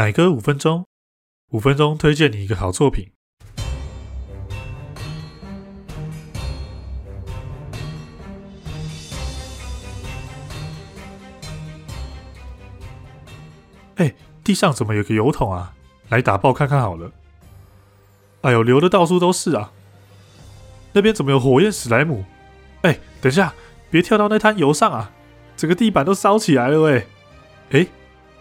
奶哥，五分鐘，五分鐘推薦你一個好作品。哎、欸，地上怎麼有個油桶啊？來打爆看看好了。哎呦，流的到處都是啊！那邊怎麼有火焰史萊姆？哎、欸，等一下別跳到那灘油上啊！整個地板都燒起來了、欸，喂、欸，哎。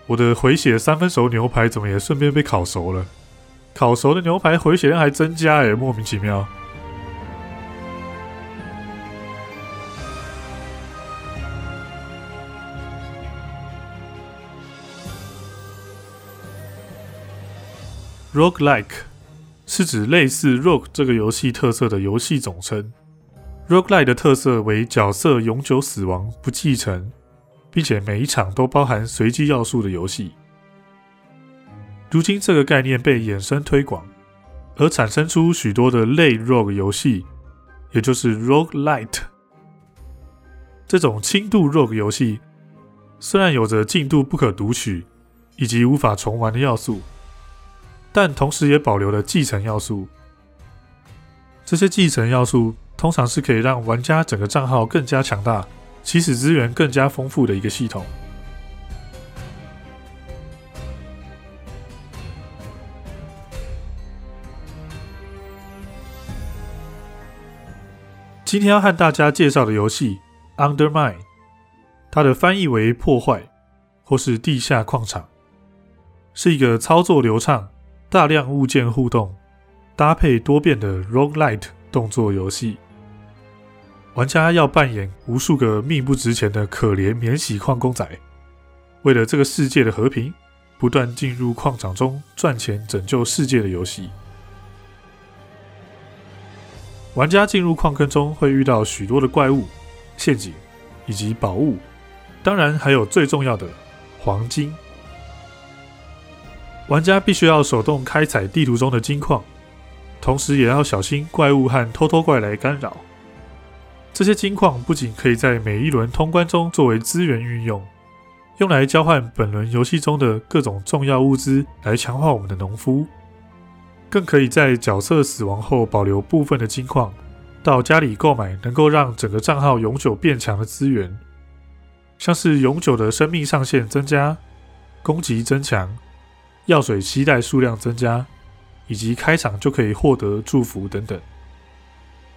我的回血三分熟牛排怎麼也順便被烤熟了？烤熟的牛排回血量還增加哎、欸，莫名其妙。Rogue-like 是指類似 Rogue 這個遊戲特色的遊戲總稱。Rogue-like 的特色為角色永久死亡不繼承。並且每一場都包含隨機要素的遊戲。如今，這個概念被衍生推廣，而產生出許多的類 Rogue 遊戲，也就是 Roguelite。這種輕度 Rogue 遊戲，雖然有着進度不可讀取以及無法重玩的要素，但同時也保留了繼承要素。這些繼承要素通常是可以讓玩家整個賬號更加強大。起始資源更加豐富的一個系統。今天要和大家介紹的遊戲《Undermine》，它的翻譯為“破壞”或是“地下礦場”，是一個操作流暢、大量物件互動、搭配多變的 Roguelite 動作遊戲。玩家要扮演無數個命不值錢的可憐免洗礦工仔，為了這個世界的和平，不斷進入礦場中賺錢拯救世界的遊戲。玩家進入礦坑中會遇到許多的怪物、陷阱以及寶物，當然還有最重要的黃金。玩家必須要手動開採地圖中的金礦，同時也要小心怪物和偷偷怪來干擾。這些金礦不僅可以在每一輪通關中作為資源運用，用來交換本輪遊戲中的各種重要物資來強化我們的農夫，更可以在角色死亡後保留部分的金礦，到家裡購買能夠讓整個賬號永久變強的資源，像是永久的生命上限增加、攻擊增強、藥水攜帶數量增加，以及開場就可以獲得祝福等等。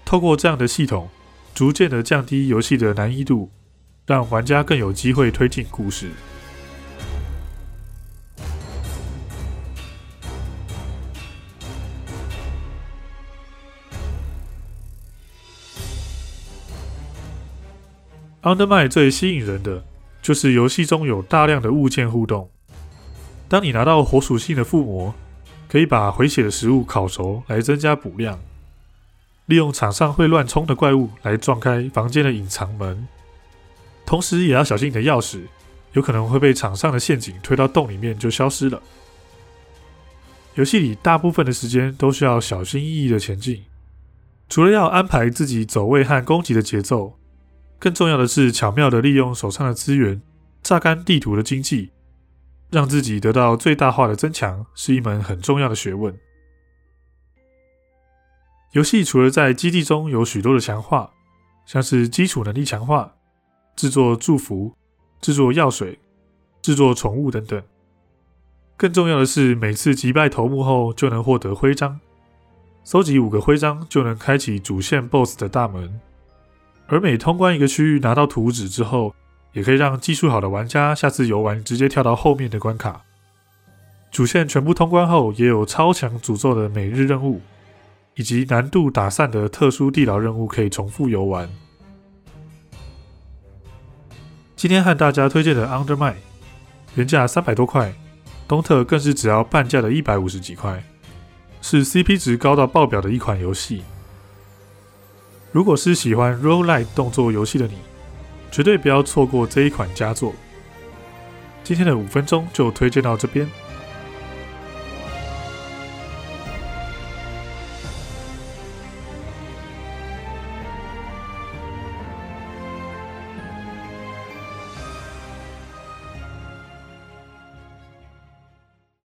透過這樣的系統。逐漸的降低遊戲的難易度，讓玩家更有機會推進故事。Undermine 最吸引人的就是遊戲中有大量的物件互動。當你拿到火屬性的附魔，可以把回血的食物烤熟來增加補量。利用場上會亂衝的怪物來撞開房間的隱藏門，同時也要小心你的鑰匙，有可能會被場上的陷阱推到洞裡面就消失了。遊戲裡大部分的時間都需要小心翼翼的前進，除了要安排自己走位和攻擊的節奏，更重要的是巧妙的利用手上的資源，榨乾地圖的經濟，讓自己得到最大化的增強，是一門很重要的學問。遊戲除了在基地中有許多的強化，像是基礎能力強化、製作祝福、製作藥水、製作寵物等等，更重要的是，每次擊敗頭目後就能獲得徽章，收集五個徽章就能開啟主線 BOSS 的大門。而每通關一個區域拿到圖紙之後，也可以讓技術好的玩家下次遊玩直接跳到後面的關卡。主線全部通關後，也有超強詛咒的每日任務。以及難度打散的特殊地牢任務可以重複遊玩。今天和大家推薦的《Undermine》，原價三百多塊，冬特更是只要半價的一百五十幾塊，是 CP 值高到爆表的一款遊戲。如果是喜歡 Roguelite 動作遊戲的你，絕對不要錯過這一款佳作。今天的五分鐘就推薦到這邊。